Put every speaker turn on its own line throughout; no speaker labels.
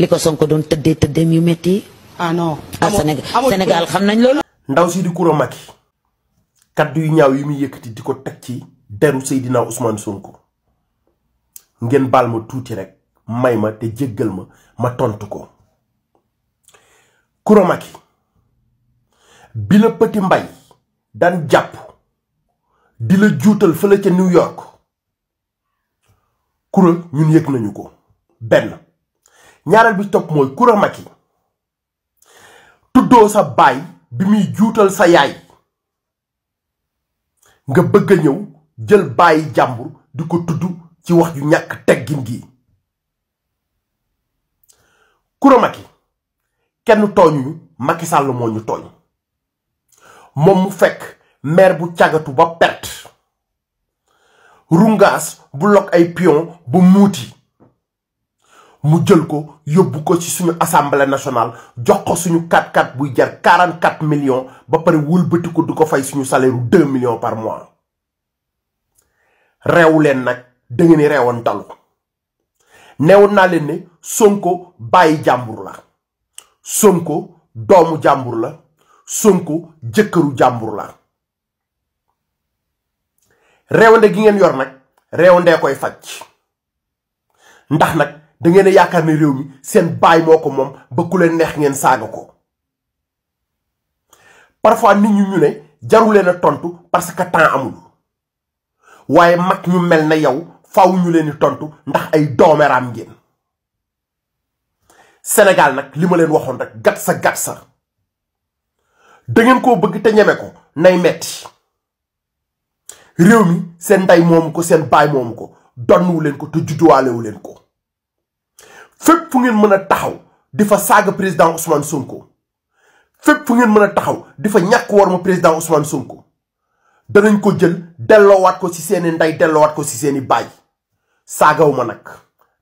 li ko Sonko doon tëddee tëddeem yu métti yi. ah non ah, Sénégal xam nañ loolu. ndaw si di Coura kàddu yu ñaaw yi muy yëkkati di ko teg ci deru Seydina Ousmane Sonko ngeen baal ma tuuti rek may ma te jéggal ma ma tontu ko. Coura Macky bi la Petit Mbay daan jàpp di la juutal fële ca New York Coura ñun yëg nañu ko benn. ñaareel bi topp mooy Coura Macky tuddoo sa baay bi muy juutal sa yaay nga bëgg a ñëw jël bàyyi jàmbur di ko tudd ci wax ju ñàkk teggin gi Coura Macky kenn tooñuñu Macky moo ñu tooñ moom mu fekk maire bu càggatu ba perte rungaas bu lokk ay piyon bu muuti mu jël ko yóbbu ko ci suñu assemblée nationale jox ko suñu 4-4 buy jar 44 millions ba pare wëlbati ko du ko fay suñu salaire u 2 millions par mois reewu leen nag da ngeen ni reewoon talu naa leen ne Sonko bàyyi jàmbur la Sonko doomu jàmbur la Sonko jëkkëru jàmbur la reewande gi ngeen yor nag reewandee koy faj ndax nag da ngeen a yaakaar ne réew mi seen baay moo ko moom ba ku leen neex ngeen saaga ko parfois nit ñu ñu ne jaruleen a tontu parce que temps amul waaye mag ñu mel na yow faaw ñu leen di tontu ndax ay doomeraam ngeen Sénégal nag li ma leen waxoon rek gat sa gat sa da ngeen koo bëgg te ñeme ko nay metti réew mi seen ndey moomu ko seen baay moomu ko donnuwu leen ko te judduwaalewu leen ko fépp fu ngeen mën a taxaw di fa saaga président Ousmane Sonko fépp fu ngeen mën a taxaw di fa ñàkk war ma président Ousmane Sonko danañ ko jël delloowaat ko ci seeni ndey delloowaat ko ci seeni baay saagaw ma nag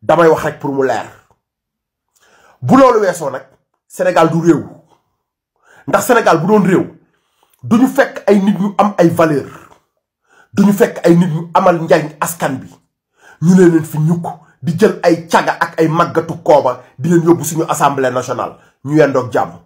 damay wax rek pour mu leer bu loolu weesoo nag Sénégal du réew ndax Sénégal bu doon réew duñu fekk ay nit ñu am ay valeur ñu fekk ay nit ñu amal njariñ askan bi ñu leen leen fi ñukk di jël ay caga ak ay màggatu kooba di leen yóbbu suñu assemblée nationale ñu yendoog jàmm